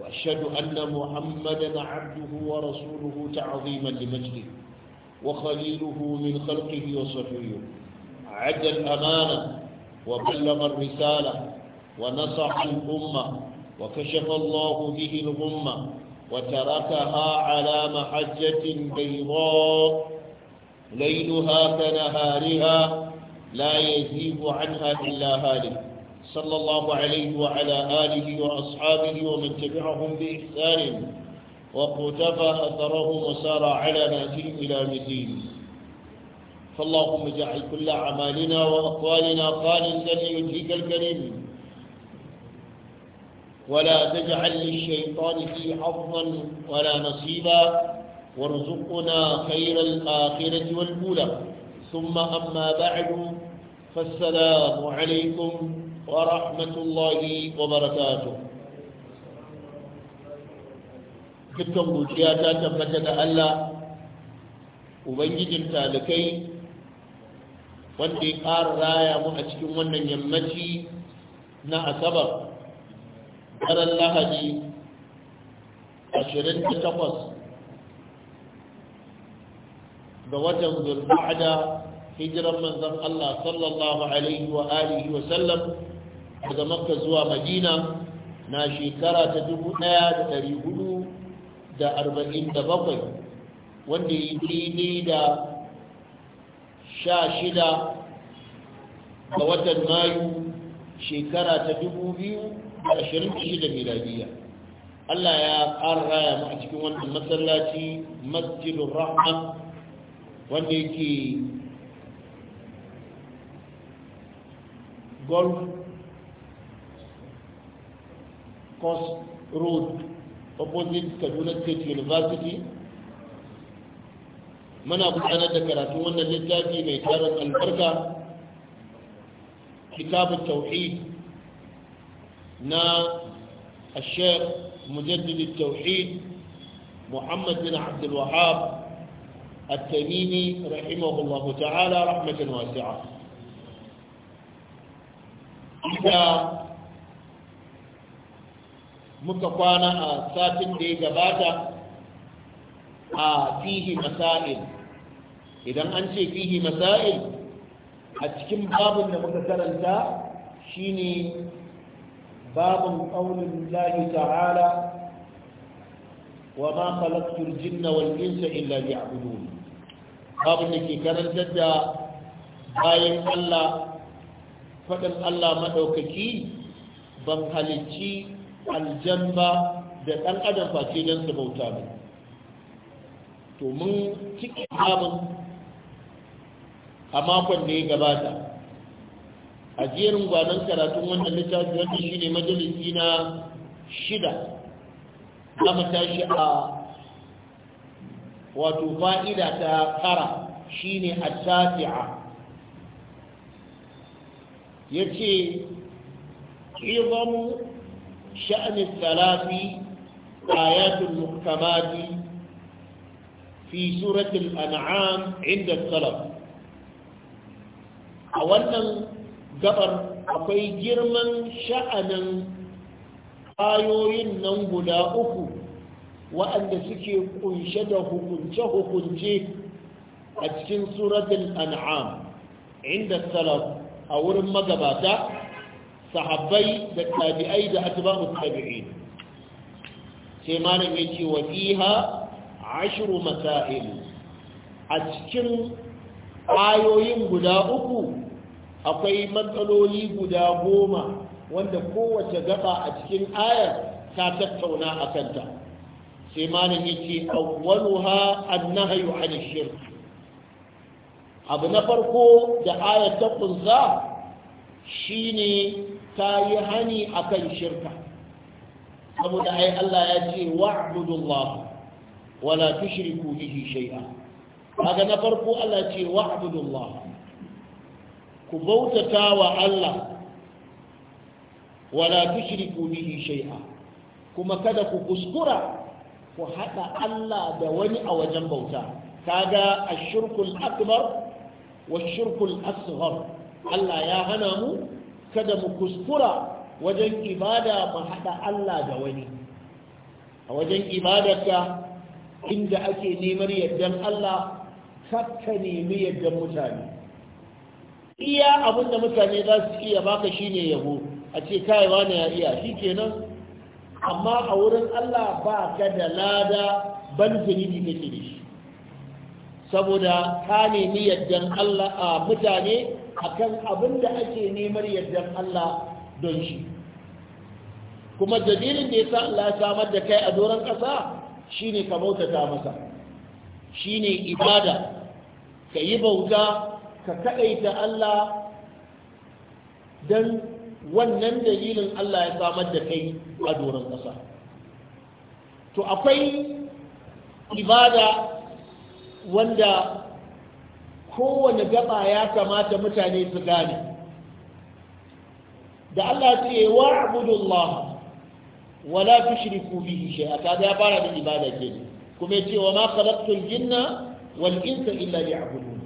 وأشهد أن محمدا عبده ورسوله تعظيما لمجده وخليله من خلقه وصفيه عد الأمانة وبلغ الرسالة ونصح الأمة وكشف الله به الغمة وتركها على محجة بيضاء ليلها كنهارها لا يزيب عنها إلا هالك صلى الله عليه وعلى آله وأصحابه ومن تبعهم بإحسان وقتفى أثرهم وسار على ناتهم إلى مثيل فاللهم اجعل كل أعمالنا وأقوالنا خالصا ليجهك الكريم ولا تجعل للشيطان في حظا ولا نصيبا وارزقنا خير الآخرة والأولى ثم أما بعد فالسلام عليكم ورحمة الله وبركاته dukkan godiya ta tabbata da Allah ubangijin talikai wanda ya ƙara raya mu a cikin wannan yammaci na asabar daren lahadi 28 ga watan zulba'ada hijiran manzan Allah sallallahu alaihi wa alihi wa sallam daga makka zuwa madina na shekara ta bakwai, wanda ya yi daidai da sha shida ga watan mayu shekara ta 2026 miladiya Allah ya ƙara raya mu a cikin wannan masallaci masjidun rahman wanda yake golf Cross Road opposite Kaduna State University muna gudanar da karatun wannan littafi mai tarin albarka kitabun tauhid na الشيخ مجدد التوحيد محمد بن عبد الوهاب التميمي رحمه الله تعالى رحمة واسعة إذا muka kwana a satin da ya gabata a fihi masail idan an ce fihi masail a cikin babin da muka karanta shine babin ƙaunin lahi ta'ala wa ma khalaqtul jinna wal insa illa liya'budun babin da ke karantar da bayan Allah faɗin Allah maɗaukaki ban halicci aljanna da ɗan adam face don su bauta ne to mun cikin abin a makon da ya gabata Ajiyar gwanon karatun wannan littafi wanda shi ne majalisi na shida za mu tashi a wato fa'ida ta kara shi ne a tafi'a ya ce شأن الثلاث آيات محكمات في سورة الأنعام عند السلف أولا gabar akwai girman sha'anin ayoyin nan guda uku waɗanda suke kunshe da hukunce-hukunce a cikin suratul an'am inda salaf a wurin magabata sahabbai da tabi'ai da atba'u tabi'in sai malam yace wa fiha ashru masail a cikin ayoyin guda uku akwai matsaloli guda goma wanda kowace gaba a cikin ayar ta tattauna a kanta sai malam yace awwaluha annahyu 'ani shirk abu na farko da ayar ta kunza shine ta yi hani akan shirka saboda ai Allah ya ce wa'budullah wala tushriku bihi shay'a kaga na farko Allah ce wa'budullah ku bautata wa Allah wala tushriku bihi shay'a kuma kada ku kuskura ku hada Allah da wani a wajen bauta kaga ashirkul akbar wa shirkul asghar Allah ya hana mu kada mu kuskura wajen ibada mu haɗa Allah da wani a wajen ibadarka inda ake neman yardan Allah kakka nemi yardan mutane iya abin da mutane za su iya baka shine yabo a ce kai wani ya iya kenan amma a wurin Allah ba ka da lada ban zunubi kake da shi saboda ka nemi yardan Allah a mutane akan abin da ake neman yardar Allah don shi kuma dalilin da ya sa Allah ya samar da kai a doron ƙasa shine ka bautata masa shine ibada ka yi bauta ka kaɗaita Allah don wannan dalilin Allah ya samar da kai a doron ƙasa to akwai ibada wanda kowane gaba ya kamata mutane su gane da Allah ce wa abudullah wala tushriku bihi shay'a kaga ya fara da ibada ke kuma yace wa ma khalaqtul jinna wal insa illa liya'budun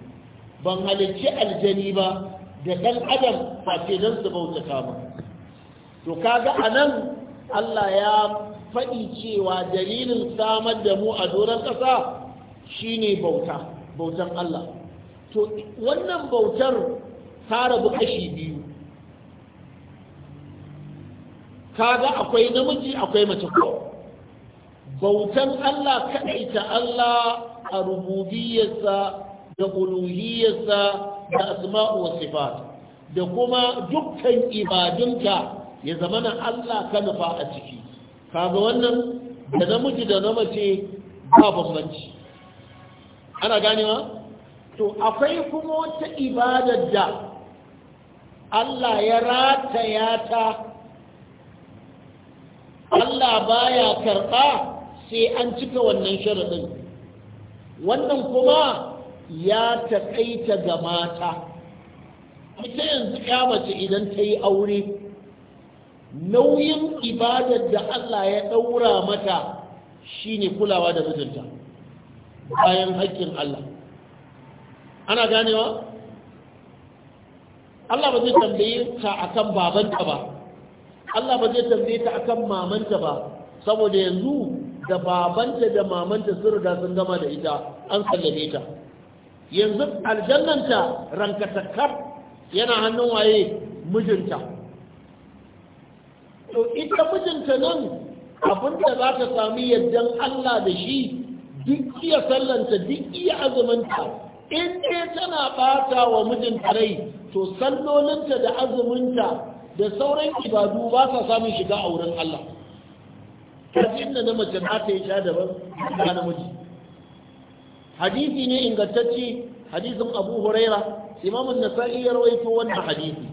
ban halicci aljani ba da dan adam face dan su bautata ba to kaga anan Allah ya faɗi cewa dalilin samar da mu a doron ƙasa shine bauta bautan Allah to wannan bautar ta rabu kashi biyu kaga akwai namiji akwai mace ko bautan Allah kaɗai ta Allah a rububiyarsa da uluhiyarsa da asma'u wa sifat da kuma dukkan ibadunta ya zama na Allah ka nufa a ciki kaga wannan da namiji da na mace ba bambanci ana ganewa to akwai kuma wata ibadar da Allah ya rataya ta Allah baya karɓa sai an cika wannan sharaɗin wannan kuma ya taƙaita ga mata ita yanzu mace idan ta yi aure nauyin ibadar da Allah ya ɗaura mata shine kulawa da mijinta bayan haƙƙin Allah ana ganewa Allah ba zai tambaye ta akan babanta ba Allah ba zai tambaye ta akan mamanta ba saboda yanzu da babanta da mamanta sun riga sun gama da ita an sallame ta yanzu aljannanta rankatakar yana hannun waye mijinta to ita mijinta nan abinda za ta sami yardan Allah da shi duk iya sallanta duk iya azumanta in dai tana bata wa mijinta rai to sallolinta da azuminta da sauran ibadu ba sa samun shiga a wurin Allah kafin da na mace na ta yi sha daban namiji hadisi ne ingantacce hadisin Abu Huraira Imam an-Nasa'i ya rawaito wannan hadisi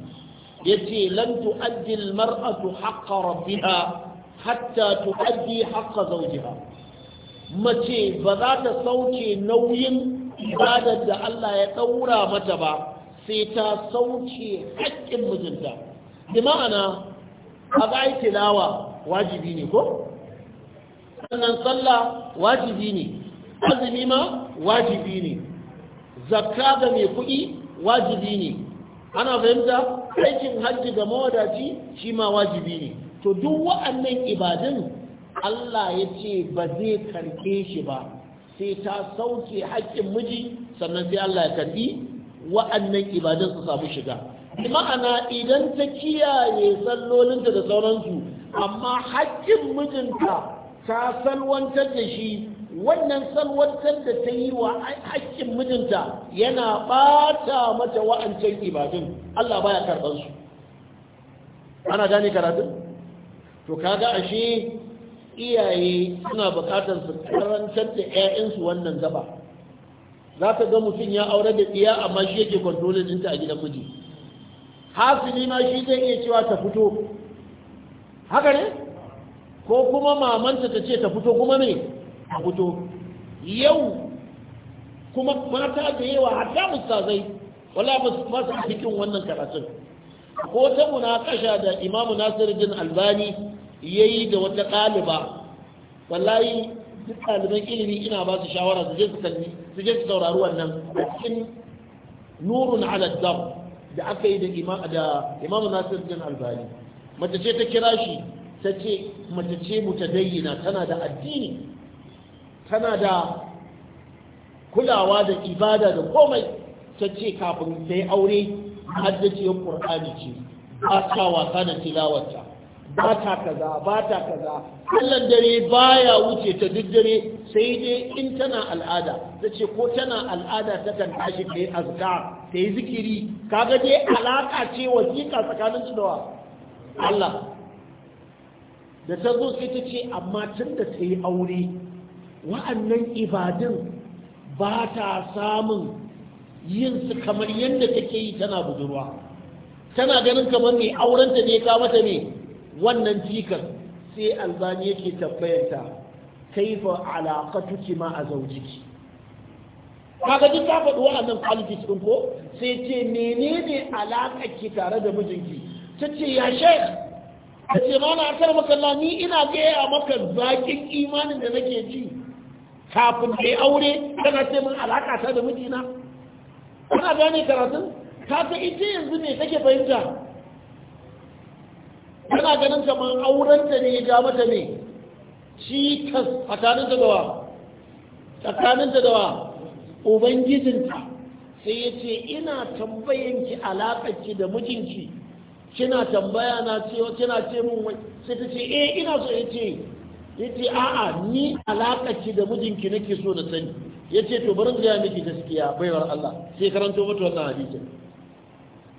yace lan tu'addi maratu haqqa rabbiha hatta tu'addi haqqa zawjiha mace ba za ta sauke nauyin ibadar da Allah ya ɗaura mata ba sai ta sauke haƙƙin mijinta bi ma'ana a ga tilawa wajibi ne ko sannan sallah wajibi ne azumi ma wajibi ne zakka ga mai kuɗi wajibi ne ana fahimta aikin hajji ga mawadaci shi ma wajibi ne to duk wa'annan ibadun Allah ya ce ba zai karke shi ba sai ta sauke haƙƙin miji sannan sai Allah ya karbi wa'annan ibadan su samu shiga ma'ana idan ta kiyaye sallolinta da sauransu amma haƙƙin mijinta ta salwantar da shi wannan salwantar da ta yi wa haƙƙin mijinta yana ɓata mata wa'ancan ibadun Allah baya karɓar su ana gane karatun to kaga ashe iyaye suna bukatar su karantar da 'ya'yansu wannan gaba za ka ga mutum ya aure da iya amma shi yake kwantolin ɗinta a gidan miji hasili ma shi zai iya cewa ta fito haka ne ko kuma mamanta ta ce ta fito kuma ne ta fito yau kuma mata da yawa hatta mustazai wala ba su cikin wannan karatun ko ta munakasha da imamu nasiruddin albani ya yi da wata ɗaliba wallahi duk ɗaliban ilimi ina ba su shawara su je su kalli su je su saurari wannan cikin nurun ala da aka yi da imam nasir din albani mace ce ta kira shi ta ce mace ce mutadayyina tana da addini tana da kulawa da ibada da komai ta ce kafin ta yi aure haddace Kur'ani ce ba ta wasa da tilawarta ba ta kaza ba ta kaza allan dare baya wuce ta duk dare sai dai in tana al'ada ta ce ko tana al'ada ta kan tashi ta yi azuka ta yi zikiri kaga dai alaka ce wasiƙa tsakanin su dawa Allah da ta zo sai ta ce amma tun da ta yi aure wa'annan ibadun ba ta samun yin su kamar yadda take yi tana budurwa tana ganin kamar mai aurenta ne ka ne wannan jikar sai albani yake tambayanta kaifa alaqatuki ma a zaujiki kaga duk ta faɗi wa'annan kwalifis ɗin ko sai ce menene alaƙa ke tare da mijinki ta ce ya sheikh ce ma na asar maka ni ina gaya maka zaƙin imanin da nake ji kafin kai aure kana ce min alaƙa ta da mijina kuna gane karatun ka ta ita yanzu ne take fahimta Yana ganin kamar aurenta ne ya mata ne shi tsakanin ta dawa tsakanin ta dawa ubangijinta sai ya ce ina tambayanki alaƙarki da mijinki kina tambaya na ce kina ce min wai sai ta ce eh ina so ya ce ya ce a'a ni alaƙarki da mijinki nake so da sani ya ce to barin gaya miki gaskiya baiwar Allah sai karanto mata wannan hadisin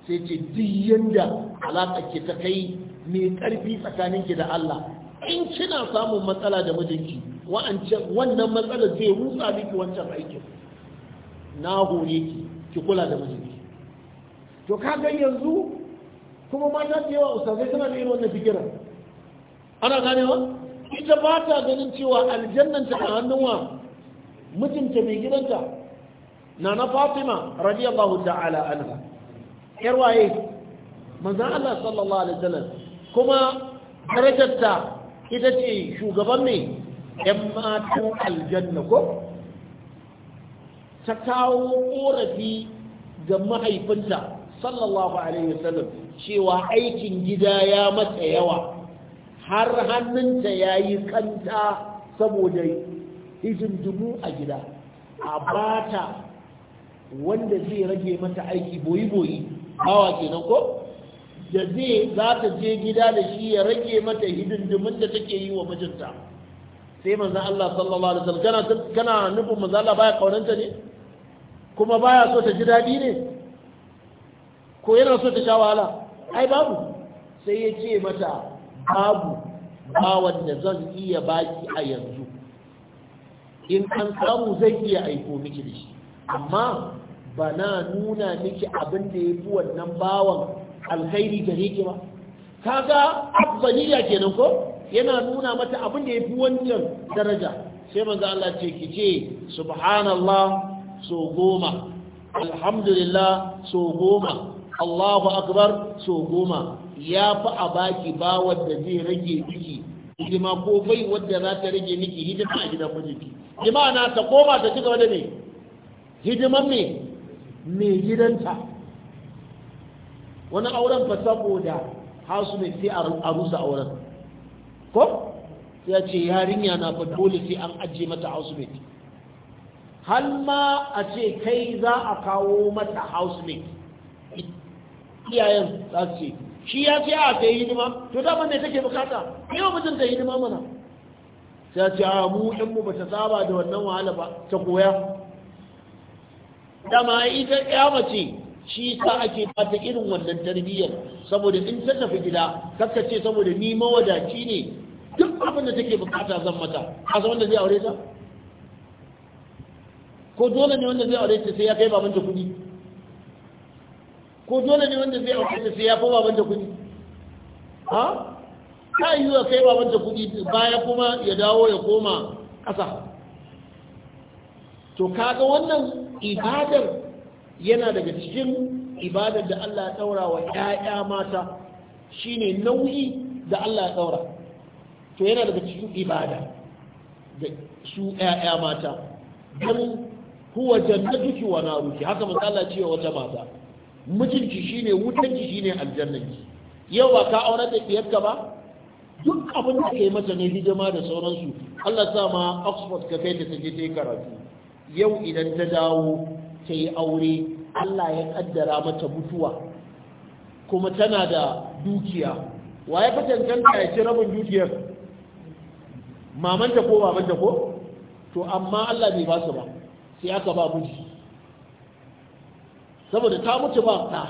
sai ce duk yanda alaƙarki ta kai mai ƙarfi tsakaninki da Allah in kina samun matsala da mijinki wannan matsalar zai rutsa miki wancan aikin na hore ki ki kula da mijinki to ka ga yanzu kuma mata da yawa ustazai suna da irin wannan fikirar ana ganewa ita ba ta ganin cewa aljannan ta a hannun wa mijinta mai gidanta na na fatima radiyallahu ta'ala anha yar waye manzon Allah sallallahu alaihi wasallam kuma darajarta ita ce shugaban ne ‘yan matan aljanna ko ta kawo ƙorafi ga mahaifinta sallallahu alaihi wasallam cewa aikin gida ya mata yawa har hannunta ya yi kanta saboda izin dubu a gida a bata wanda zai rage mata aiki boyi-boyi bawa nan ko da zai za ta je gida da shi ya rage mata hidindimin da take yi wa mijinta sai manzan Allah sallallahu alaihi wasallam kana nufin manzan Allah baya kaunanta ne kuma baya so ta ji daɗi ne ko yana so ta sha wahala ai babu sai ya ce mata babu ba wanda zan iya baki a yanzu in an samu zai iya aiko miki da shi amma ba na nuna miki abin da ya fi wannan bawan alkhairi gare ki ba kaga afdaliya kenan ko yana nuna mata abin da yafi wancan daraja sai manzo Allah ce ki ce subhanallah so goma alhamdulillah so goma Allahu akbar so goma ya fi a baki ba wanda zai rage miki hidima ko bai wanda za ta rage miki hidima a gidan mijinki hidima na ta koma ta ci gaba da me hidiman me mai gidanta wani auren fa saboda hasu ne sai a rusa auren ko ya ce yarinya na fa dole sai an ajiye mata housemate har ma a ce kai za a kawo mata housemate iyayen za su ce shi ya ce a ta yi hidima to dama ne take bukata yau mutum ta yi hidima mana sai ce a mu ɗanmu ba ta saba da wannan wahala ba ta koya dama ita ya mace shi sa ake bata irin wannan tarbiyyar saboda in ta tafi gida kakka ce saboda ni mawadaci ne duk abin da take bukata zan mata a san wanda zai aure ta ko dole ne wanda zai aure ta sai ya kai babanta kudi ko dole ne wanda zai aure ta sai ya fa babanta kudi ha ta yi wa kai babanta kudi baya kuma ya dawo ya koma ƙasa to kaga wannan ibadar yana daga cikin ibadar da Allah ya daura wa ƴaƴa mata shine nau'i da Allah ya daura to yana daga cikin ibada da su ƴaƴa mata dan huwa jannatuki wa naruki haka manzo Allah ce wata mata mijinki shine wutanki shine aljannanki yau ba ka aure da diyarka ba duk abin da kai mata ne hidima da sauransu Allah sa ma Oxford ka kai ta je ta karatu yau idan ta dawo ta yi aure Allah ya kaddara mata mutuwa kuma tana da dukiya wa ya fatankanta ya ce rabin dukiyar mamanta ko babanta ko to amma Allah bai ba su ba sai aka ba miji saboda ta mutu ba ta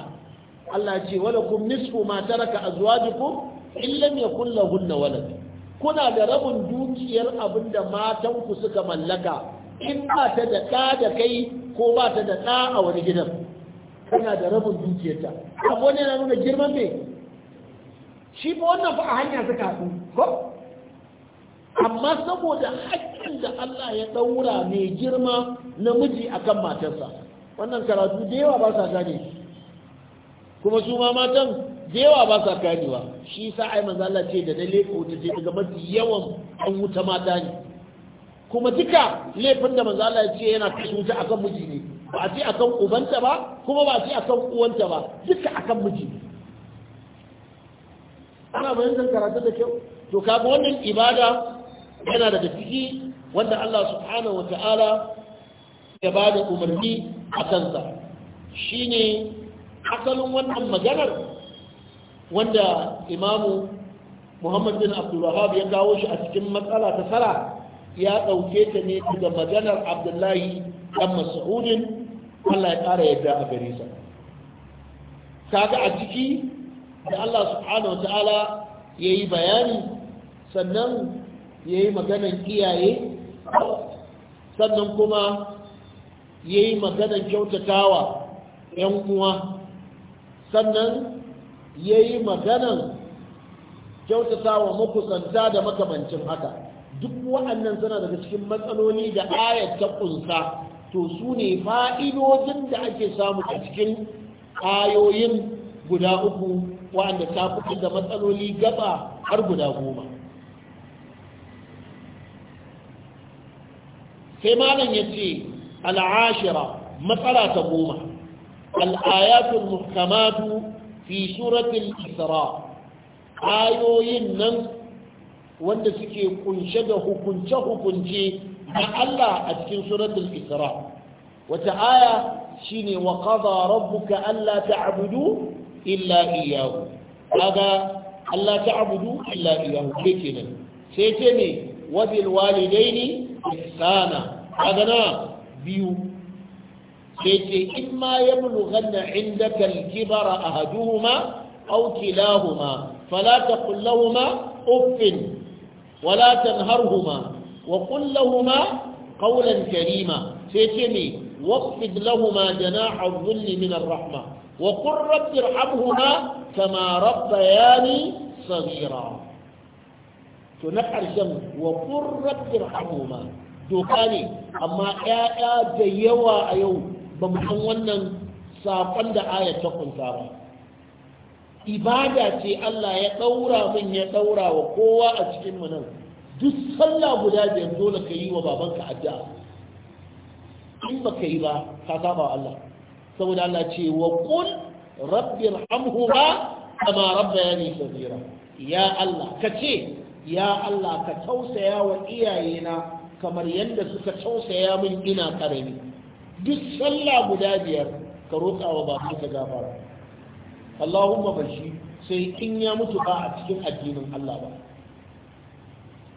Allah ce wala kum nisfu ma taraka azwajukum in lam yakul lahunna walad kuna da rabin dukiyar abinda matan ku suka mallaka in ba ta da da kai ko ba ta da ɗa a wani gidan Kuna da rabin dukiyarta abu wani yana nuna girman mai shi ba wannan fa a hanyar su haɗu ko amma saboda haƙƙin da Allah ya ɗaura mai girma namiji akan matarsa wannan karatu da yawa ba sa gane kuma su ma matan da yawa ba sa ganewa shi sa ai manzo ce da na ko ta ce daga mafi yawan an wuta mata ne kuma duka laifin da manzo Allah ya ce yana kashe akan miji ne ba a ce akan ubanta ba kuma ba a ce akan uwanta ba duka akan miji ne ana bayanin karatu da kyau to kaga wannan ibada yana daga ciki wanda Allah subhanahu wata'ala ya ba da umarni a kansa shine asalin wannan maganar wanda imamu Muhammad bin Abdulwahab ya kawo shi a cikin matsala ta sara ya ɗauke ta ne daga maganar abdullahi ɗan mas'udin Allah ya ƙara yadda a gare sa kaga a ciki da Allah subhanahu wa ta'ala ya yi bayani sannan ya yi maganar iyaye sannan kuma ya yi maganar kyautatawa 'yan uwa sannan ya yi maganar kyautatawa makusanta da makamancin haka duk wa'annan suna daga cikin matsaloli da ayat ta kunsa to su ne fa'idojin da ake samu a cikin ayoyin guda uku wa'anda ta fi da matsaloli gaba har guda goma sai malam ya ce al'ashira matsala ta goma al'ayatun muhkamatu fi suratul isra ayoyin nan wanda suke kunshe da hukunce-hukunce na Allah a cikin suratul Isra wata aya shine wa qada rabbuka alla ta'budu illa iyyahu kaga alla ta'budu illa iyyahu kenan sai ce ne wa bil walidaini ihsana kaga na biyu sai ce in ma yablughanna indaka al-kibara ahaduhuma aw kilahuma fala taqul lahumā uffin wala tanharhuma wa qul lahumu qawlan karima sai ce ne waqfid lahumu janaha dhulli min ar-rahma wa qur rabbi irhamhuma kama rabbayani saghira to na ƙarshen wa qur rabbi irhamhuma doka ne amma 'ya'ya da yawa a yau ba mu san wannan saƙon da ayat ta kunta ba ibada ce Allah ya ɗaura min ya ɗaura wa kowa a cikin nan duk sallah guda biyar dole ka yi wa babanka addu'a in ba ka yi ba ka saba wa Allah saboda Allah ce wa qul rabbi irhamhuma kama rabbayani saghira ya Allah ka ce ya Allah ka tausaya wa iyayena kamar yadda suka tausaya min ina karami duk sallah guda biyar ka roƙa wa babanka gafara Allahumma shi sai in ya mutu ba a cikin addinin Allah ba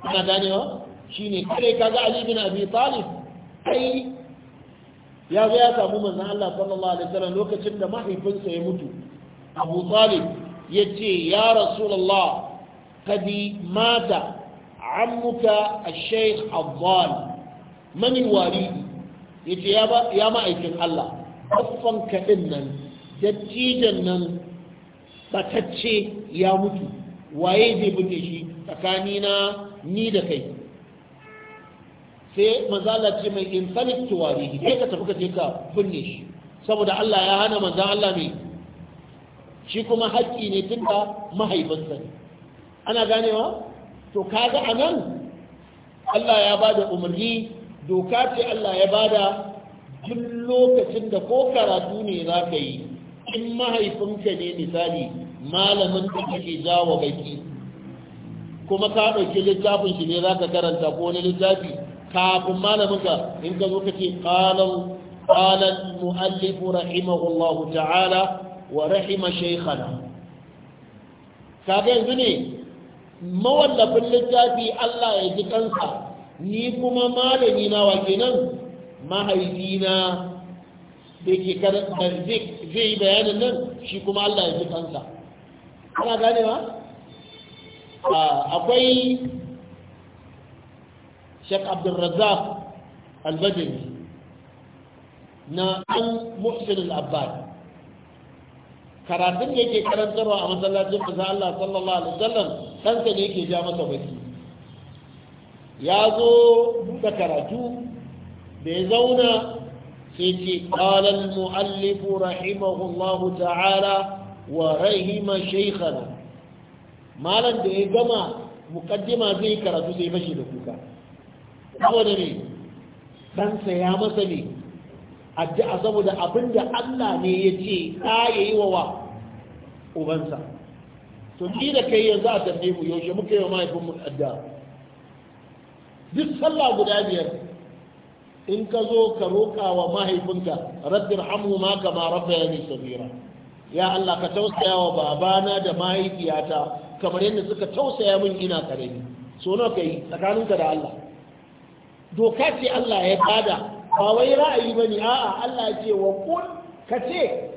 ana ganewa shine kare kaga Ali bin Abi Talib ai ya zo ya samu manzon Allah sallallahu alaihi wasallam lokacin da mahaifinsa ya mutu Abu Talib yace ya rasu kadi mata ammuka ash-shaykh ad-dal man yace ya ce ya ma'aikin Allah affan ka din nan dattijan nan batacce ya mutu waye zai binne shi tsakanina ni da kai sai manzala ce mai insalik tuwarihi sai ka tafi ka je ka binne shi saboda Allah ya hana manzan Allah ne shi kuma haƙƙi ne tun da mahaifinsa ne ana ganewa to kaga a nan Allah ya ba da umarni doka ce Allah ya ba da duk lokacin da ko karatu ne za ka yi in mahaifinka ne misali malamin da kake jawo baki kuma ka ɗauki littafin shi ne za ka karanta ko wani littafi kafin malaminka in ka zo ka ce ƙalan mu'allifu rahimahullahu ta'ala wa rahima shaikhana kaga yanzu ne mawallafin littafi Allah ya ji kansa ni kuma malami na wa kenan mahaifina da ke zai yi bayanin nan shi kuma Allah ya ji kansa ana gane ba akwai Sheikh Abdul Razzaq na ɗan Muhsin Al-Abbad karatun da yake karantarwa a masallacin manzo Allah sallallahu alaihi wasallam kansa ne yake ja masa baki ya zo buɗe karatu da ya zauna سيتي قال المؤلف رحمه الله تعالى ورحم شيخنا مالا ده جمع مقدمة زي كراتو زي مشي da أولا لي ya masa ne addu'a saboda abinda Allah ne ya ce ɗa yi wa ubansa to ni da kai yanzu a tambaye mu yaushe muka yi wa mahaifinmu adda. duk sallah guda biyar in ka zo ka roƙa wa mahaifinka rabbir hamu ma kama rabba ya ne sabira ya Allah ka tausaya wa babana da mahaifiyata kamar yadda suka tausaya min ina karami so na kai tsakaninka da Allah doka ce Allah ya bada ba wai ra'ayi bane a'a Allah ya ce wa kun ka ce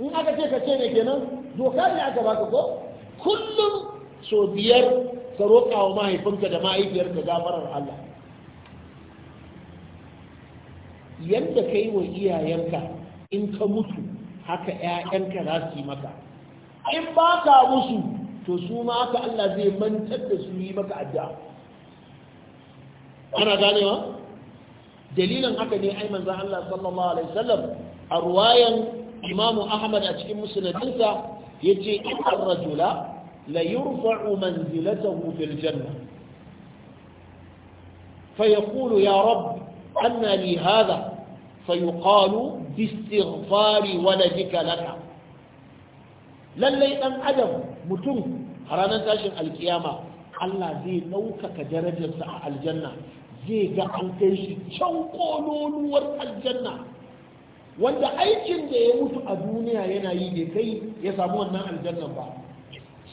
in aka ce ka ce ne kenan doka ne aka baka ko kullum so biyar ka roƙa wa mahaifinka da mahaifiyarka gafarar Allah yadda yi wa iyayenka in ka mutu haka ‘ya'yanka za su yi maka in ba ka musu to su ma haka Allah zai mantar da su yi maka addu'a ana ganewa dalilin haka ne ai manzon Allah sallallahu alaihi wasallam a ruwayan Imam Ahmad a cikin musnadinsa yace inna rajula la yurfa'u manzilatahu fil janna fa yaqulu ya rabb anna li hadha fayuqalu bistighfari waladika laka lallai ɗan adam mutum a ranar tashin alkiyama Allah zai ɗaukaka darajarsa a aljanna zai ga an kai shi can kololuwar aljanna wanda aikin da ya mutu a duniya yana yi bai kai ya samu wannan aljanna ba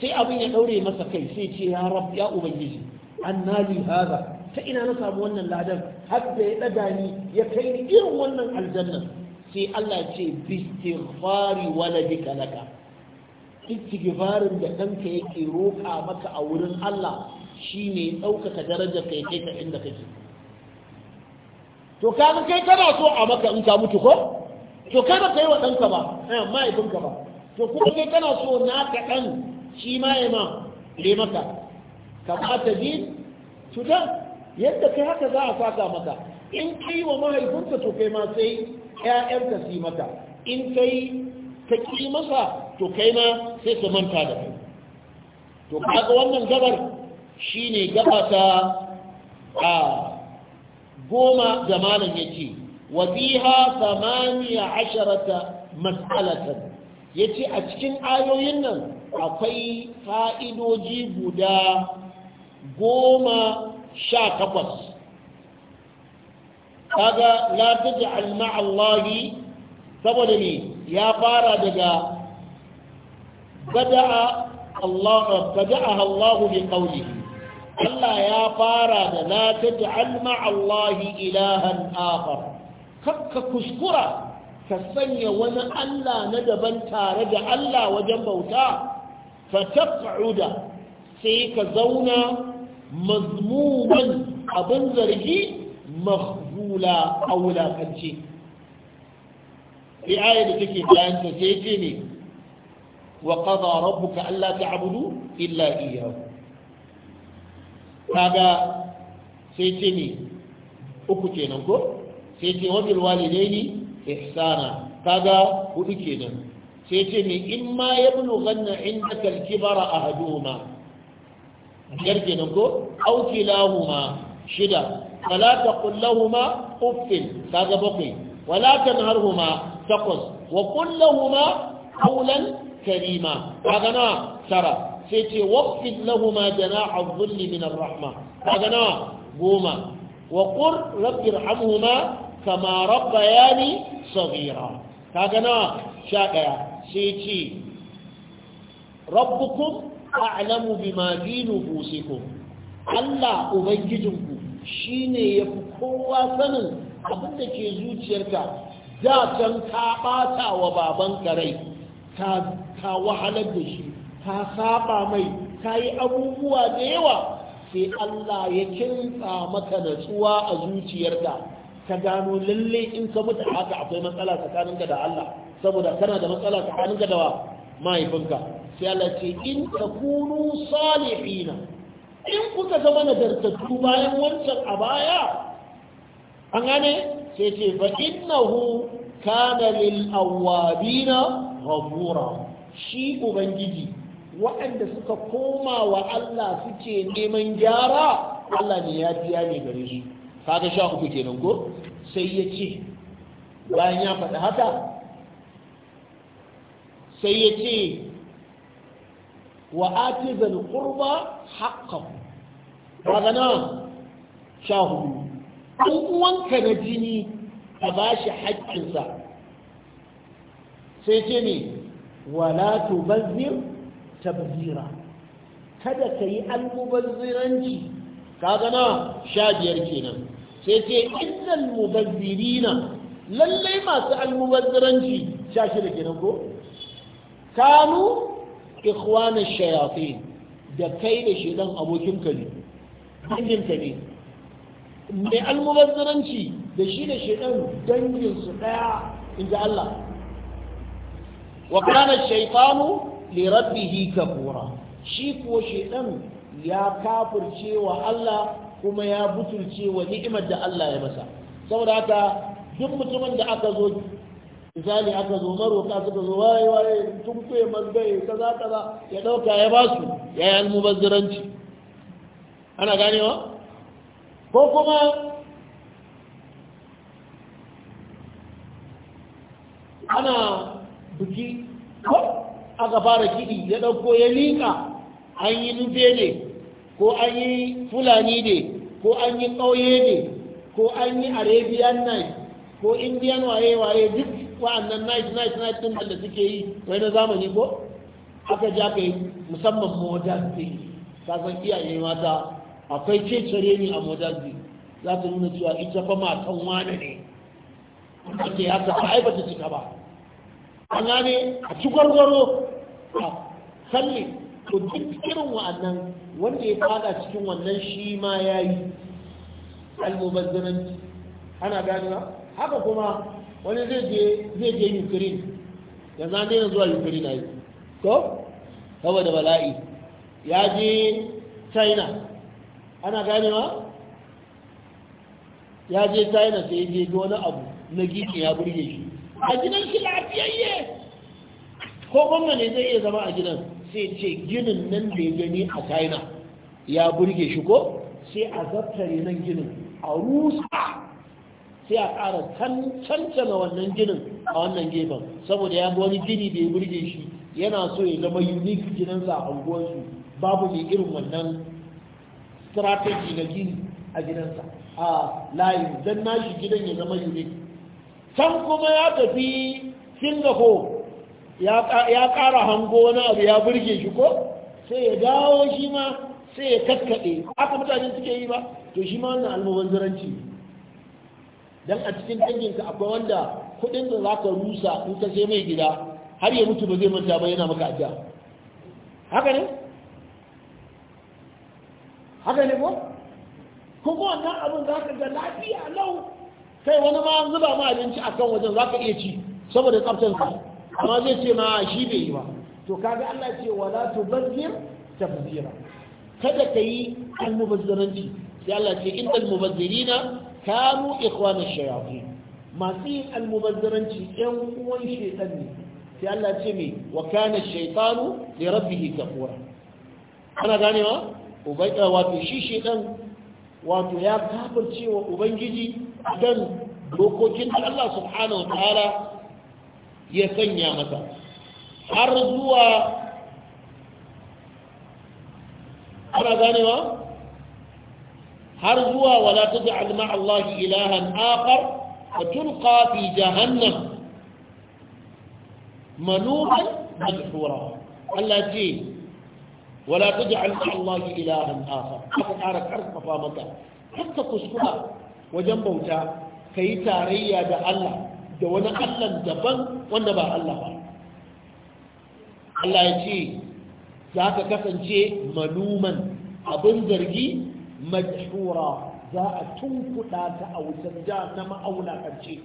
sai abin ya ɗaure masa kai sai ce ya rab ya ubangiji annali hada ta ina na samu wannan ladan har da ya ɗaga ni ya kai ni irin wannan aljannan sai Allah ce bistighfari waladika laka istighfarin da ɗanka yake roƙa maka a wurin Allah shine ɗaukaka darajar kai kai ka inda kake to kaga kai kana so a maka in ka mutu ko to kada kai wa ɗanka ba eh mahaifinka ba to kuma kai kana so naka ɗan shi ma ya ma maka ka ba ta bi cutar yadda kai haka za a saka maka in kai wa mahaifinka to kai ma sai ƴaƴanka su yi maka in kai ka ƙi masa to kai ma sai su manta da kai to kaga wannan gabar shine gaba ta a goma da malam yace samaniya biha matsalatan ya ce a cikin ayoyin nan akwai fa'idoji guda goma sha takwas kaga la taj'al ma'allahi saboda ne ya fara daga bada'a Allah bada'a Allah bi qawlihi Allah ya fara da la taj'al ma'allahi ilahan akhar kakka kuskura ka sanya wani Allah na daban tare da Allah wajen bauta fa taq'uda sai ka zauna mazmuman abin zargi mahzula a wulakance sai ayar da take bayan ta sai ce ne wa ka Allah ta ta'budu illa iyyahu kaga sai ce ne uku kenan ko sai ce wani wa bil walidaini ihsana kaga hudu kenan sai ce ne in ma yablughanna indaka al-kibara ahaduhuma biyar kenan ko aw shida fala taqul lahumu uffin kaga bakwai wala tanharhuma takwas wa kullahuma lahumu karima kaga na tara sai ce waqfid lahumu janaha dhilli min rahma kaga goma wa qur rabbi irhamhuma kama rabbayani saghira kaga na sha ɗaya. sai ce rabbukum a'lamu bima dinu fusikum Allah ubangijinku shine yafi kowa sanin abin da ke zuciyarka da can ka bata wa baban rai, ka ka wahalar da shi ka saba mai ka yi abubuwa da yawa sai Allah ya kinsa maka natsuwa a zuciyarka ka gano lalle in ka mutu haka akwai matsala tsakaninka da Allah saboda kana da matsala tsakaninka da mahaifinka sai Allah ce in takunu salihina in kuka zama nagartattu bayan wancan a baya an gane sai ce fa innahu kana lil ghafura shi ubangiji waɗanda suka koma wa Allah suke neman gyara Allah ne ya biya ne gare su kaga sha uku kenan ko sai ya ce bayan ya faɗi haka sai ya ce wa ati zal qurba haqqahu kaga na sha hudu dan uwanka na jini ka bashi haƙƙinsa sai ne wala tubazzir tabzira kada ka yi almubazziranci kaga na sha biyar kenan sai ce innal mubazzirina lallai masu almubazziranci sha shida kenan ko kanu ikhwana shayatin da kai da shi dan abokinka ne danginka ne mai almubazzaranci da shi da shi dan danginsu daya in ji Allah wa kana shaytanu li rabbih kafura shi ko shi shedan ya kafurce wa Allah kuma ya butulce wa ni'imar da Allah ya masa saboda haka duk mutumin da aka zo misali aka zo maroka suka zo waye waye tun kuye mazgaye kaza kaza ya dauka ya ba su ya yi almubazziranci ana ganewa ko kuma ana buki ko aka fara kiɗi ya ɗauko ya liƙa an yi nufe ne ko an yi fulani ne ko an yi ƙauye ne ko an yi arabian night ko indian waye-waye duk wa'annan night night night din da suke yi wai na zamani ko aka ja yi, musamman modern thing ka san iyaye mata akwai cecere ne a modern thing za ta nuna cewa ita fa matan wane ne ake ya ta ai ba ta cika ba an gane a ci gwargwaro a kalli to duk irin wa'annan wanda ya fada cikin wannan shi ma ya yi almubazzaranci ana ganewa haka kuma wani zai je zai je ukraine yanzu an daina zuwa ukraine a yi to? saboda bala'i ya je china ana ganewa ya je china sai je ga wani abu na gini ya burge shi a gidan shi lafiyayye ko kuma ne zai iya zama a gidan sai ce ginin nan da ya gani a china ya burge shi ko sai a zartare nan ginin a rusa sai a ƙara cancana wannan ginin a wannan gefen saboda ya bi wani gini da ya burge shi yana so ya zama unique gininsa a unguwarsu babu mai irin wannan strategy na gini a gidansa a layin don nashi gidan ya zama unique can kuma ya tafi singapore ya ƙara hango wani abu ya burge shi ko sai ya dawo shi ma sai ya kaskaɗe haka mutane suke yi ba to shi ma wannan almubanzaranci ne dan a cikin danginka akwai wanda kuɗin da za ka rusa in ka sai mai gida har ya mutu ba zai manta ba yana maka addu'a haka ne haka ne ko kuma wannan abin za ka ga lafiya lau kai wani ma zuba ma abinci akan wajen za ka iya ci saboda ka. amma zai ce ma shi bai yi ba to kaga Allah ce wala ta tabzira kada ka yi almubazzaranci sai Allah ce innal mubazzirina kanu ikhwana shayatin masu yin almubazzaranci yan uwan shaitan ne sai Allah ce me wa kana shaytanu li rabbihi kafura ana ganewa ubai wato shi shaitan wato ya kafirce wa ubangiji dan dokokin Allah subhanahu wa ta'ala ya sanya masa har zuwa ana ganewa har zuwa wala ta taj'al ma'a Allah ilahan akhar fa tulqa fi jahannam manuhan madhura Allah ce wala taj'al ma'a Allah ilahan akhar aka ƙara karfafa maka haka kuskura wajen bauta ka yi tarayya da Allah da wani Allah daban wanda ba Allah ba Allah ya ce za ka kasance manuman abin zargi majhura za a tunkuɗa ta a wutar da na ma'auna ƙarshe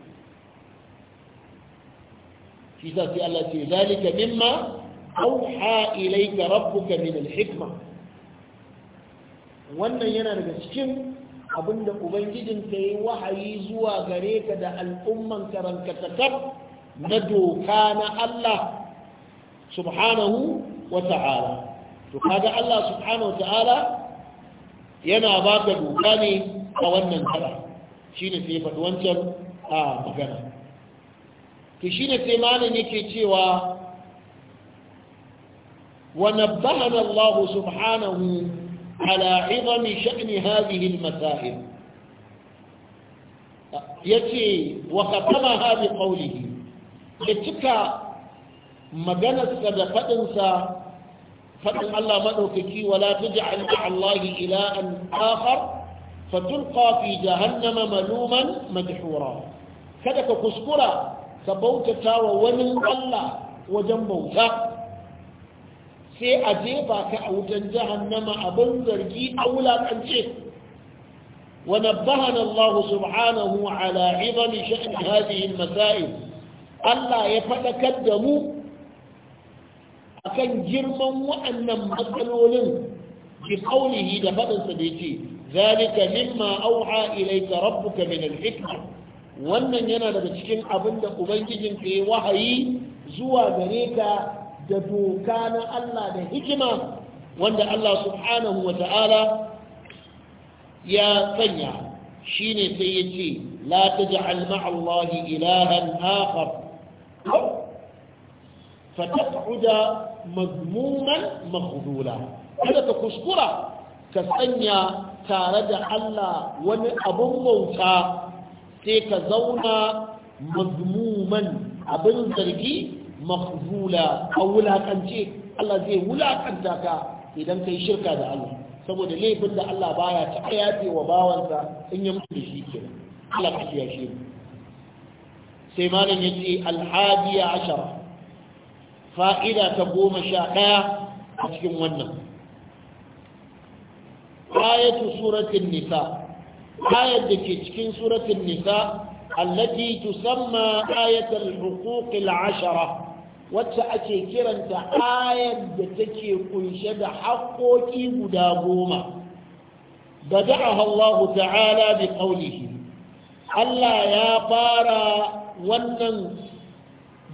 shi za su yi Allah ce zalika mimma auha ilaika rabbuka min al-hikma wannan yana daga cikin abinda ubangijin ka yi wahayi zuwa gare ka da al'umman karankatakar na doka na Allah subhanahu wa ta'ala to kaga Allah subhanahu wa ta'ala yana ba ka duka ne a wannan kara shi ne sai faɗi wancan a shi ne sai malin yake cewa wane bahan allahu subhanahu ala izami sha'ni hazihin masahin ya ce wa kafama hazi ƙaunihi ya cika maganarsa da faɗinsa فقل الله مدوكك ولا تجعل مع الله إلها آخر فتلقى في جهنم ملوما مدحورا كذا كسكرا كبوتة ومن الله وجنبوتا sai a jefa ka a wutan jahannama abin zargi a wulaƙance wa nabbahana Allah subhanahu ala izami sha'an hadhihi Allah ya fadakar da mu akan girman waɗannan matsalolin bi qawlihi da faɗinsa da yake zalika mimma auha ilayka rabbuka min al-hikma wannan yana daga cikin abin da ubangijin ka yi wahayi zuwa gare ka da doka na Allah da hikima wanda Allah subhanahu wa ta'ala ya sanya shine sai yace la taj'al ma'a Allah ilahan akhar fataq'uda mazmuman makhdula kada ka kuskura ka sanya tare da Allah wani abun bauta sai ka zauna mazmuman abin zargi makhdula a wulakance Allah zai wulakanta ka idan yi shirka da Allah saboda laifin da Allah baya ta yafe wa bawansa in ya mutu shi kenan Allah ka ya shi sai malam yace al-hadiya ashara fa'ida ta goma sha ɗaya a cikin wannan ayatu suratun nisa ayar da ke cikin suratun nisa allati tusamma ayatar huquqil ashara wacce ake kiranta ayar da take kunshe da haƙoƙi guda goma بدعها الله تعالى بقوله ألا يا بارا ونن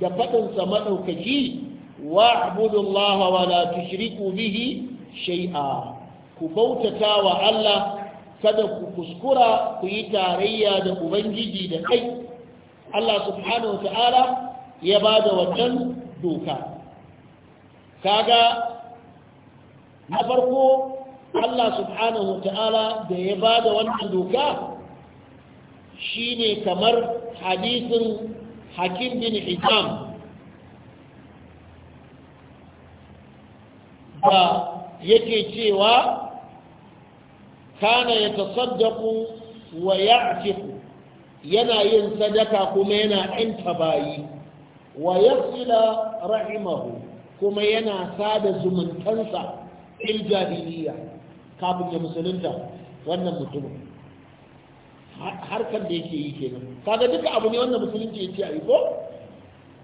دفتن سمدوكجي واعبدوا الله ولا تشركوا به شيئا كبوتتا وعلا kada ku kuskura ku yi tarayya da ubangiji da kai Allah subhanahu ta'ala ya ba da wannan doka kaga na farko Allah subhanahu ta'ala da ya ba da wannan doka shine kamar hadisin hakim bin hijam da yake cewa kana ya tasaddaku wa ya yana yin sadaka kuma yana ɗanta bayi wa yasila rahimahu kuma yana sada zumuntansa fil kafin ya musulunta wannan mutumin harkar da yake yi kenan kaga duka abu ne wannan musulunci yake yi ko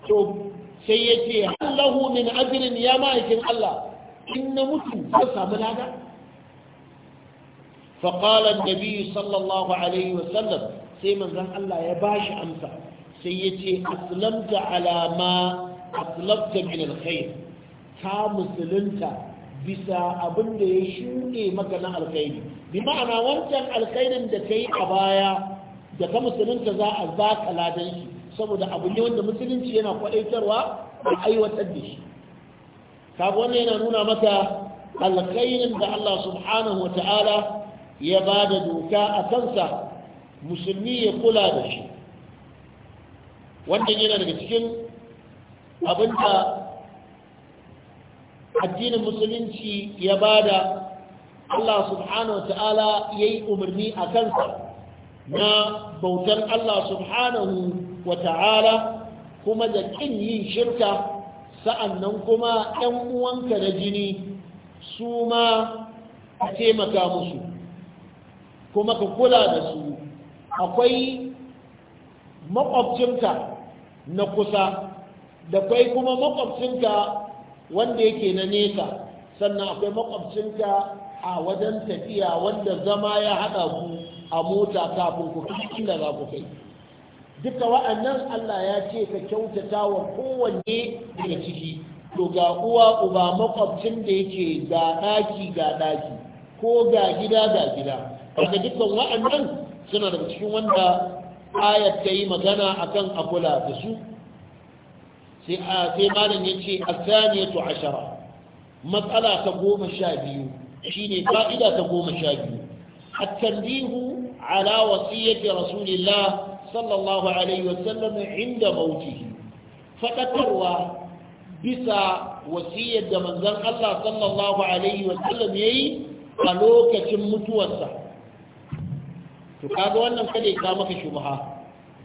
to sai yake hallahu min ajrin ya ma'aikin Allah in na mutu zan samu lada faƙalar nabi sallallahu alaihi wasallam sai manzan Allah ya ba shi amsa sai ya ce alama aslamta min alkhair ta musulunta bisa abin da ya shuɗe maka na alkhairi bi ma'ana wancan alkhairin da ka yi a baya da ka musulunta za a za ka ladan shi saboda abu ne wanda musulunci yana kwaɗaitarwa a aiwatar da shi kaga wannan yana nuna maka alkhairin da Allah subhanahu wa ta'ala ya ba da doka a kansa musulmi ya kula da shi wannan yana daga cikin abinda addinin musulunci ya ba da Allah subhanahu wa ta'ala ya yi umarni a kansa na bautar Allah subhanahu wa ta'ala kuma da kin yin shirka sa'annan kuma ‘yan uwanka na jini su ma a taimaka musu kuma ka kula da su akwai makwabcinka na kusa da kwai kuma makwabcinka wanda yake na nesa sannan akwai makwabcinka a wajen tafiya wanda zama ya haɗa ku a mota kafin ku kai inda za ku kai duka wa'annan Allah ya ce ka kyautata wa kowanne daga ciki to ga uwa uba makwabcin da yake ga ɗaki ga ɗaki ko ga gida ga gida daga dukkan wa'annan suna daga cikin wanda ayat ta yi magana akan akula da su sai malam ya ce azaniyatu ashara matsala ta goma sha biyu shine fa'ida ta goma sha biyu at-tanbihu ala wasiyyati rasulillah sallallahu alaihi wasallam inda mautihi fadakarwa bisa wasiyar da manzon Allah sallallahu alaihi wasallam yayi a lokacin mutuwarsa to kaga wannan kada ya maka shubha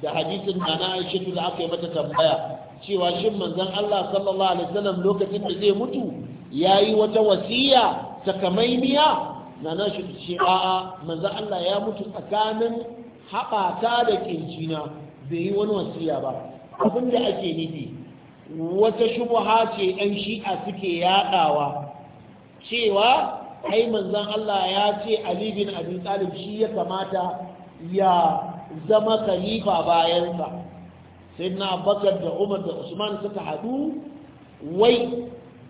da hadisin nana Aisha da aka yi mata tambaya cewa shin manzon Allah sallallahu alaihi wasallam lokacin da zai mutu yayi wata wasiya takamaimiya nana shi ce a'a manzon Allah ya mutu tsakanin haɓata da ƙirjina bai yi wani wasiya ba abin da ake nufi wata shubuha ce ɗan shi'a suke yaɗawa cewa ai manzon Allah ya ce Ali bin Abi Talib shi ya kamata ya zama khalifa bayansa na bakar da Umar da Usman suka haɗu wai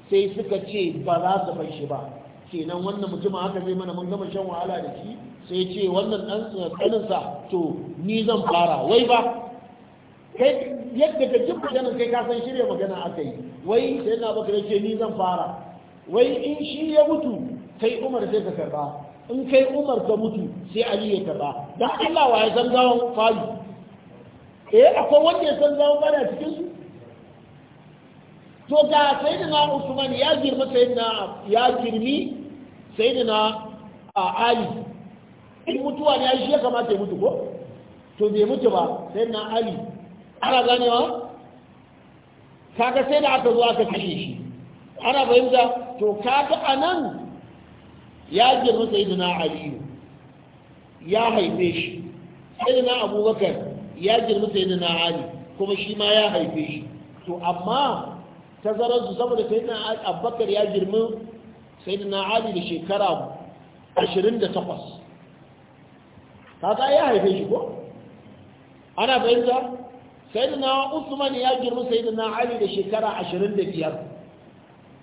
sai suka ce ba za su bar shi ba kenan wannan mutum haka zai mana mun gama shan wahala da shi sai ce wannan ɗan tsaninsa to ni zan fara wai ba kai yadda ka jin maganar kai ka san shirya magana aka yi wai sai na baka ce ni zan fara wai in shi ya mutu kai umar sai ka karba in kai umar ka mutu sai ali ya karba dan Allah wa ya san gawan fali eh akwai wanda ya san gawan bana cikin su to ga sayyidina Usman ya girma da ya girmi sayyidina Ali in mutuwa ne ai shi ya kamata ya mutu ko to bai mutu ba sai na ali ana ganewa kaga sai da aka zo aka kashe shi ana fahimta to kaga anan ya girma na aliyu ya haife shi na abubakar ya girma na ali kuma shi ma ya haife shi to amma tazarar su saboda sayyidina abubakar ya girma na ali da shekara 28 kaga ya haife shi ko ana fahimta sayyidina usman ya girma sayyidina ali da shekara 25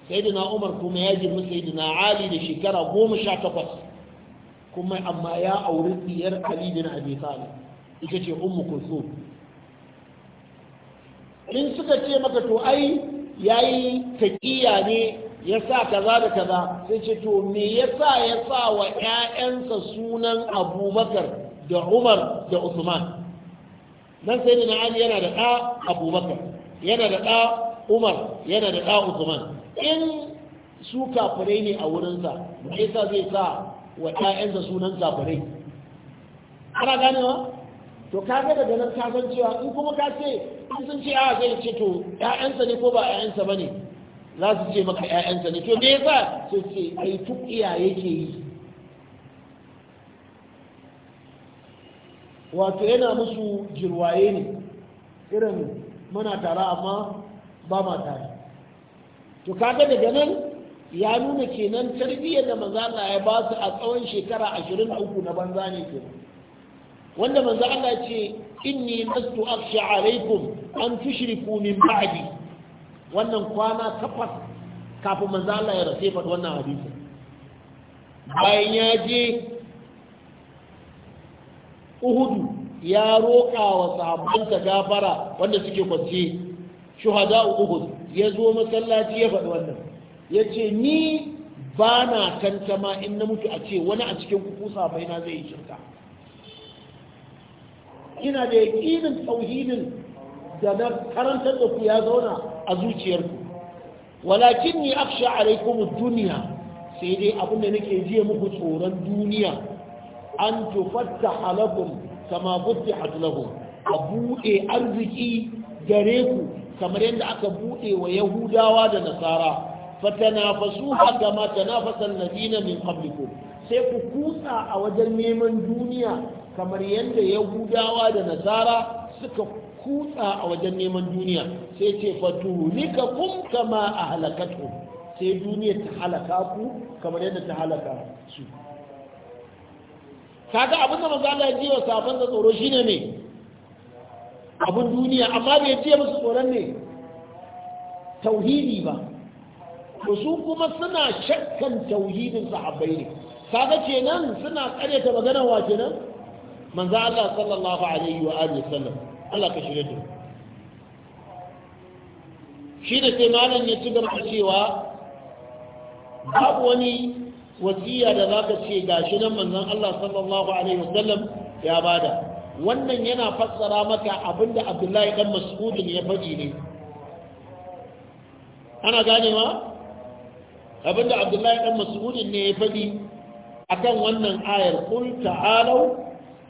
sayyidina umar kuma ya girma sayyidina ali da shekara 18 kuma amma ya auri diyar ali bin abi talib ita ce ummu kulsum in suka ce maka to ai yayi taqiya ne ya sa kaza da kaza sai ce to me yasa ya sa wa 'ya'yansa sunan abubakar da umar da usman nan sai na ali yana da ɗa abubakar yana da ɗa umar yana da ɗa usman in su kafirai ne a wurinsa me sa zai sa wa ƴaƴansa sunan kafirai ana ganewa to kaga daga nan ka san cewa in kuma ka ce in sun ce a zai ce to ƴaƴansa ne ko ba ƴaƴansa ne za su ce maka ƴaƴansa ne to me yasa sai ce ai tuk iyaye ke yi wato yana musu jirwaye ne irin mana tara amma ba ma tare to kaga daga nan ya nuna kenan tarbiyyar da manzo Allah ya ba su a tsawon shekara 23 na banza ne ke wanda manzo Allah ce inni nastu akhsha alaikum an tushriku min ba'di wannan kwana takwas kafin manzo Allah ya rasefa wannan hadisi bayan ya je uhudu ya roƙa wa sahabbansa gafara wanda suke kwance shuhada uhud ya zo masallaci ya faɗi wannan ya ce ni ba na tantama in na mutu a ce wani a cikin kuku sabai na zai yi shirka ina da yaƙinin tsauhinin da na karantar da ku ya zauna a zuciyarku walakin ni aksha alaikum duniya sai dai abin nake jiya muku tsoron duniya an tufattaha lakum kama futihat lahum a buɗe arziki gare ku kamar yadda aka buɗe wa yahudawa da nasara fatanafasu haka ma tanafasan ladina min qablikum sai ku kutsa a wajen neman duniya kamar yadda yahudawa da nasara suka kutsa a wajen neman duniya sai ce fatulika kum kama ahlakatu sai duniya ta halaka ku kamar yadda ta halaka su kaga abin da manzo Allah ya wa safan da tsoro shine ne abin duniya amma bai ce musu tsoron ne tauhidi ba to su kuma suna shakkan tauhidin sahabbai ne kaga kenan suna karyata maganar wa kenan manzo Allah sallallahu alaihi wa alihi sallam Allah ka shirye shi da sai malam ya ci gaba cewa babu wani wasiya da za ka ce gashi nan manzon Allah sallallahu alaihi wasallam ya bada wannan yana fassara maka abinda Abdullahi dan Mas'udin ya faɗi ne ana gane ma abinda Abdullahi ɗan Mas'udin ne ya faɗi akan wannan ayar qul ta'alu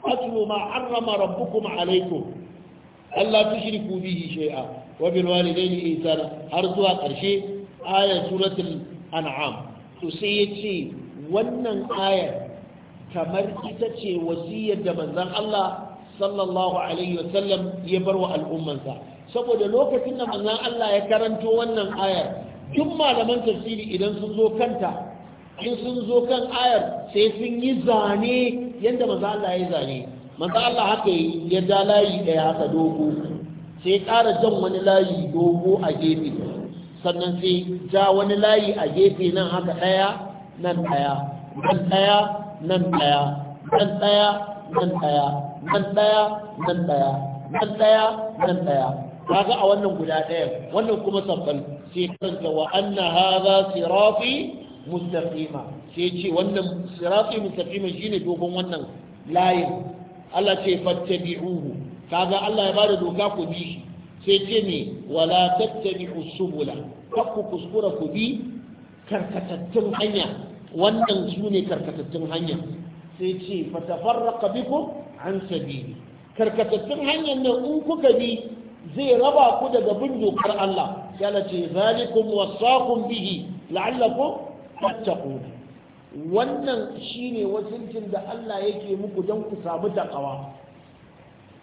atlu ma harrama rabbukum alaykum alla tushriku bihi shay'a wa bil walidayni ihsana har zuwa ƙarshe ayar suratul an'am to sai ya ce wannan ayar kamar ita ce wasiyar da manzan Allah sallallahu alaihi wasallam ya bar wa al'ummansa saboda lokacin da manzan Allah ya karanto wannan ayar duk malaman tafsiri idan sun zo kanta in sun zo kan ayar sai sun yi zane yadda manzan Allah ya zane manzan Allah haka ya ja layi ɗaya haka dogo sai ƙara jan wani layi dogo a gefe sannan sai ja wani layi a gefe nan haka ɗaya nan ɗaya nan ɗaya nan ɗaya nan ɗaya nan ɗaya nan ɗaya nan ɗaya nan ɗaya nan ɗaya kaga a wannan guda ɗaya wannan kuma sabbal sai karanta wa anna hadha sirati mustaqima sai ce wannan sirati mustaqima shine dogon wannan layin Allah ce fattabi'uhu kaga Allah ya bada doka ku bi shi sai ce ne wala tattabi usubula ku kuskura ku bi karkatattun hanya wannan su ne karkatattun hanya sai ce fatafarraqa bikum an sabili karkatattun hanyar nan in kuka bi zai raba ku daga bin dokar Allah ya ce zalikum wasaqum bihi la'allakum tattaqun wannan shine wasincin da Allah yake muku don ku samu takawa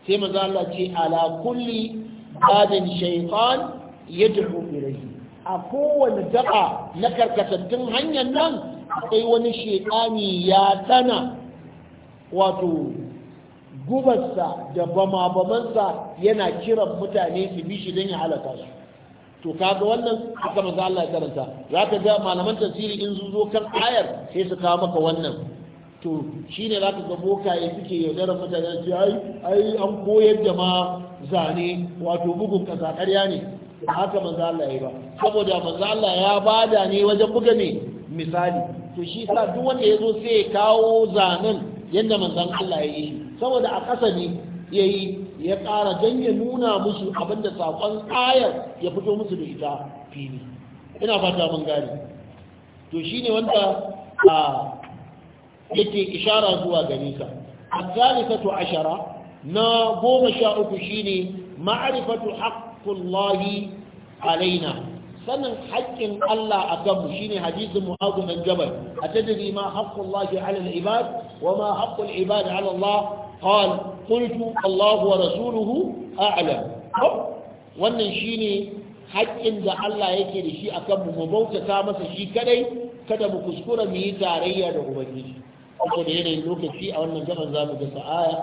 sai maza Allah ce ala kulli adin shaitan ya duhu ilaihi a kowane daba na karkatattun hanyar nan akwai wani shaitani ya tana wato gubarsa da bama-bamansa yana kiran mutane su bi shi don ya halaka su to kaga wannan haka maza Allah ya karanta za ka ga malaman tasiri in zuzo kan ayar sai su kawo maka wannan to shi ne za ka ga bokaye suke yaudarar mutane ce ai ai an koyar da ma zane wato bugun kasa karya ne ba haka manzo Allah ya ba saboda manzo Allah ya bada ne wajen buga ne misali to shi sa duk wanda ya zo sai ya kawo zanen yadda manzan Allah ya yi saboda a ƙasa ne ya yi ya ƙara don ya nuna musu abinda saƙon ayar ya fito musu da ita fili ina fata mun gane to shine wanda a yake ishara zuwa gare ka azalisatu ashara na goma sha uku shine ma'rifatu haqqullahi alaina Sannan haƙƙin Allah a kanmu shine hadisin Mu'adh bin Jabal atadri ma haqqullahi ala al-ibad wa ma haqqul ibad ala Allah qal qultu Allah wa rasuluhu a'lam wannan shine haƙƙin da Allah yake da shi akan mu bauta bautata masa shi kadai kada mu kuskura mu yi tarayya da ubangiji saboda yanayin lokaci a wannan gaban za mu gasa aya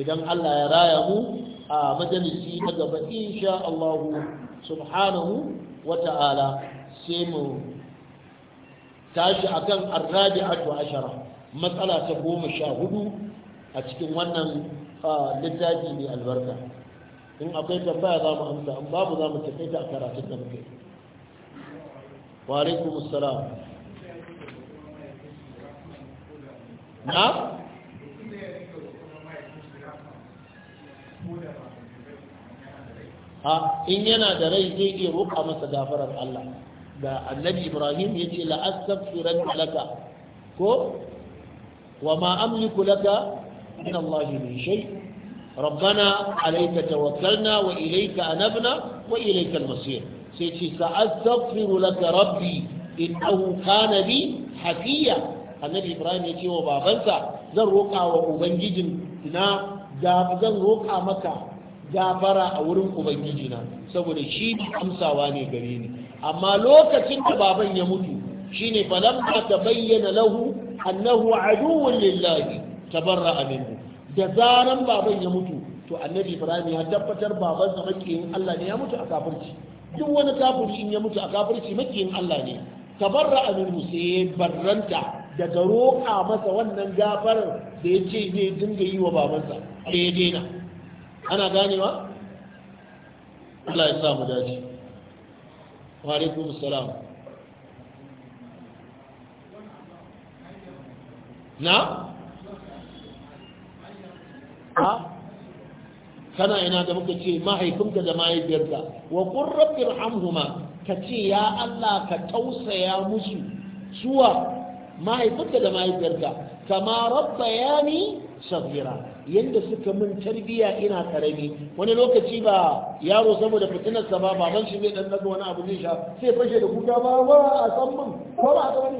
idan Allah ya raya mu a majalisi na gaba insha Allah subhanahu wa ta'ala sai mu tashi akan arrabi'atu ashara matsala ta goma sha hudu a cikin wannan littafi mai albarka in akwai tambaya za mu amsa in babu za mu tafi ta karatun da muke wa alaikumus salam نعم ها ان ينا ده راي زي يروق إيه مسا دافر الله ده النبي ابراهيم يجي الى اسف سوره لك كو وما املك لك من الله من شيء ربنا عليك توكلنا واليك انبنا واليك المصير سيتي ساستغفر لك ربي انه كان لي حفيا annabi ibrahim ya ce wa babansa zan roƙa wa ubangijin na zan roƙa maka gafara a wurin ubangijina saboda shi amsawa ne gare ni amma lokacin da baban ya mutu shine falamma tabayyana lahu annahu aduwwun lillahi tabarra'a Aminu. da zaran baban ya mutu to annabi ibrahim ya tabbatar babansa makiyin Allah ne ya mutu a kafirci duk wani kafirci ya mutu a kafirci makiyin Allah ne tabarra'a Aminu sai barranta daga roƙa masa wannan gafarar da ya ce zai dinga yi wa babansa a ya daina ana ganewa? Allah ya samu dace wa alaikum salam na? ha? kana ina da muka ce mahaifinka da mahaifiyarka wa qurrabbir hamhuma ka ce ya Allah ka tausaya musu suwa mahaifinka da mahaifiyarka kama rabba ya ni yadda suka min tarbiya ina karami wani lokaci ba yaro saboda fitinarsa ba baban shi mai dan wani abu zai sha sai fashe da kuka ba ba a san min ko ba a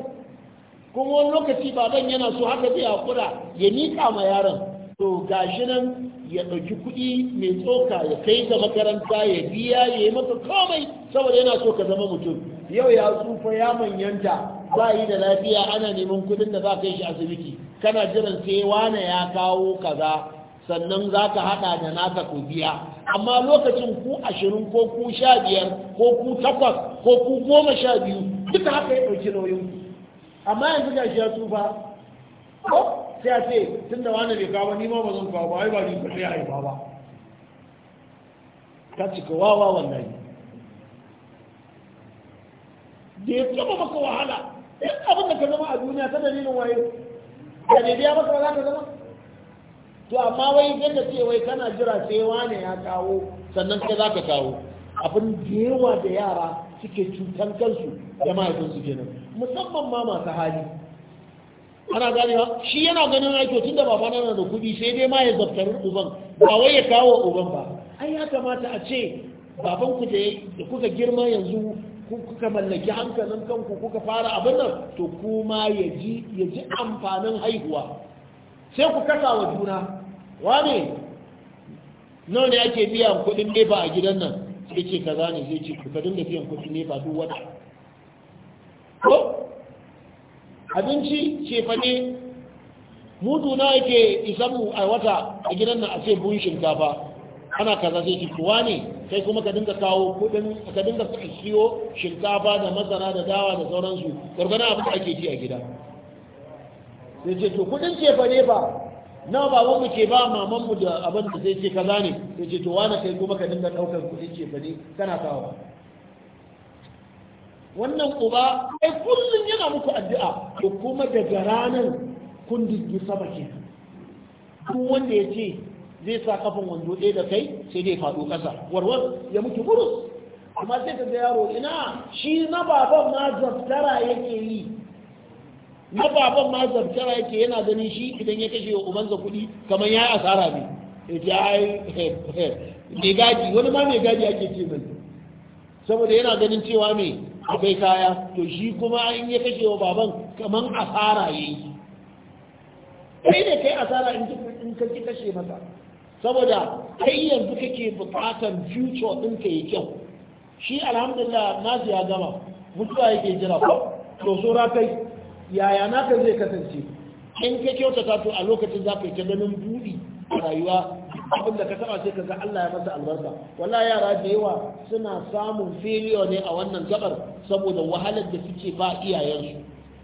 kuma wani lokaci baban yana so haka zai hakura ya miƙa ma yaron to gashi nan ya ɗauki kuɗi mai tsoka ya kai ga makaranta ya biya ya yi maka komai saboda yana so ka zama mutum yau ya tsufa ya manyanta ba yi da lafiya ana neman kudin da za ka yi shi asibiti kana jiran sai wane ya kawo kaza sannan za ka haɗa da naka ku biya amma lokacin ku ashirin ko ku sha biyar ko ku takwas ko ku goma sha biyu duka haka ya ɗauki nauyin ku amma yanzu ga shi ya tsufa ko sai a ce tun da wane bai kawo ni ma ba zan kawo ba ai ba ni sai a yi ba ba ka cika wawa wannan da ya taba maka wahala duk abin da ka zama a duniya ta dalilin waye da ne biya masa ba za ka zama to amma wai yadda ce wai kana jira sai wane ya kawo sannan sai za ka kawo abin da yawa da yara suke cutan kansu da mahaifinsu kenan musamman ma masu hali ana ganewa shi yana ganin aiki tun da babana na da kuɗi sai dai ma ya zaftar uban ba wai ya kawo uban ba ai ya kamata a ce baban ku da kuka girma yanzu kuka mallaki hankalin kanku kuka fara abin nan to kuma ya ji amfanin haihuwa sai ku kasa wa juna wane nawa ne ake biyan kuɗin nefa a gidan nan sai ce kaza ne zai ce kuka dinga biyan kuɗin nefa duk wata ko abinci fa ne mudu na yake isamu a wata a gidan nan a ce bun shinkafa ana kaza zai ci ne kai kuma ka dinga kawo kudin ka dinga siyo shinkafa da masara da dawa da sauransu gwargwana abin da ake ci a gida sai ce to kudin ce fa ne ba na ba wani ke ba maman mu da abin da zai ce kaza ne sai ce to wani kai kuma ka dinga daukar kudin ce fa ne kana kawo wannan uba ai kullum yana muku addu'a to kuma daga ranar kun dingi sama kenan duk wanda ya ce zai sa kafan wando ɗaya da kai sai dai faɗo ƙasa warwar ya mutu burus amma sai ka ga yaro ina shi na baban ma zartara yake yi na baban ma zartara yake yana ganin shi idan ya kashe wa ubansa kuɗi kamar ya asara ne ya ai mai gaji wani ma mai gaji ake ce mai saboda yana ganin cewa me akwai kaya to shi kuma in ya kashe wa baban kamar asara yi kai ne kai asara in ka kashe masa saboda kai yanzu kake bukatan future ɗinka ya kyau shi alhamdulillah nasu ya gama mutuwa yake jira ko to ra kai yaya naka zai kasance in ka kyautata to a lokacin za ka yi ganin buɗi a rayuwa abin da ka taɓa sai ka ga Allah ya masa albarka walla yara da yawa suna samun failure ne a wannan gabar saboda wahalar da suke ba iyayensu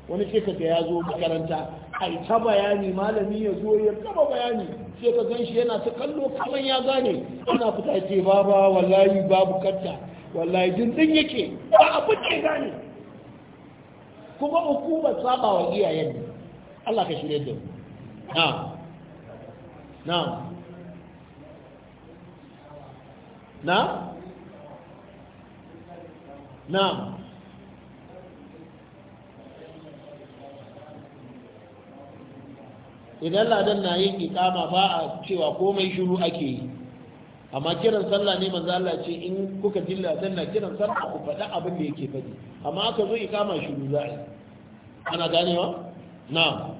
wani sai ya zo makaranta a ta bayani malami ya zo ya gaba bayani sai ka gan shi yana ta kallo kamar ya gane ana fita ce baba wallahi babu karta, wallahi jin din yake ba abin da gane kuma hukumar saba wa iyayen ne Allah ka shirye da mu na na na na idan ladan na yin ikama ba a cewa komai shiru ake yi amma kiran sallah ne manzo Allah ce in kuka ji ladan na kiran sallah ku faɗa abin da yake faɗi amma aka zo ikama shiru za a yi ana ganewa na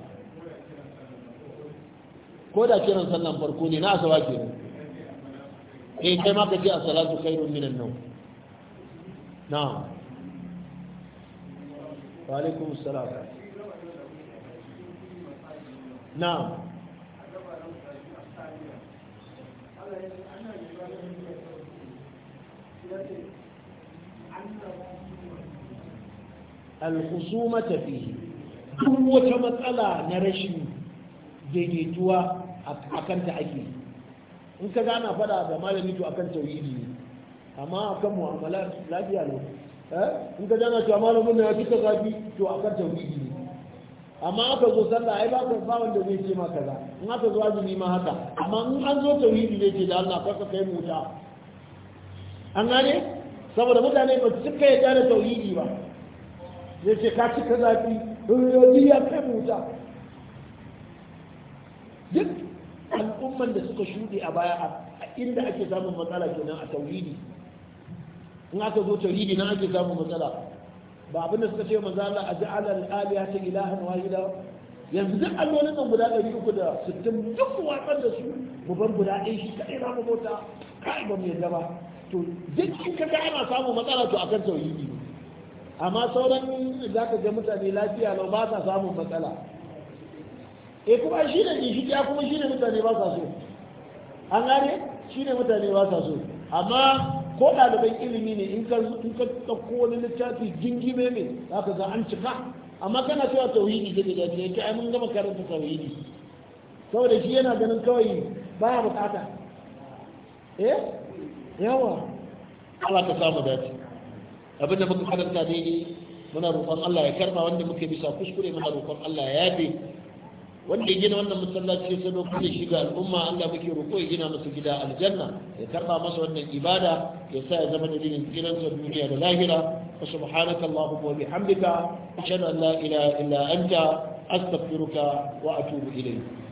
ko da kiran sallan farko ne na asaba ke eh kai ma ka ji as-salatu khairun minan nawm na wa alaikumus salaam na'am alhusuma fi duk wata matsala na rashin daidaituwa a kanta ake in ka gana fada da malami to akan tauhidi ne amma akan mu'amala lafiya ne eh? in ka gana cewa malamin na ya fi ka zafi to akan tauhidi ne amma aka zo sallah ai ba ka ba wanda zai ce maka za in aka zo azumi ma haka amma in an zo tauhidi zai ce da Allah ka kai mu wuta an gane saboda mutane ba su cika ya da tauhidi ba zai ce ka cika zafi rubuci ya kai mu wuta duk al'umman da suka shuɗe a baya a inda ake samun matsala kenan a tauhidi in aka zo tauhidi nan ake samun matsala ba abin da suka ce maza Allah aj'ala ya alihata ilahan wahida yanzu duk allolin nan guda sittin duk watsar da su mu ban guda ɗaya shi kaɗai za mu bauta kai ba mu yadda ba to duk in ka ga ana samun matsala to akan tauhidi amma sauran za ka ga mutane lafiya lau ba sa samun matsala e kuma shi ne shi ya kuma shi ne mutane ba sa so an gane shi ne mutane ba sa so amma ko ɗaliban ilimi ne in ka wani littafi jingime ne za ka ga an cika amma kana cewa tauhidi da da ke ta mun gama karanta tauhidi saboda shi yana ganin kawai ba ya bukata eh yawa Allah ka samu dace abin da muka karanta daidai muna roƙon Allah ya karba wanda muke bisa kuskure muna roƙon Allah ya yafe wanda ya gina wannan masallaci ya sadaukar shi ga al'umma Allah muke roƙo ya gina masa gida aljanna ya karba masa wannan ibada ya sa ya zama dinin dalilin sa duniya da lahira wa subhanaka allahumma wa bihamdika ashhadu an la ilaha illa anta astaghfiruka wa atubu ilayk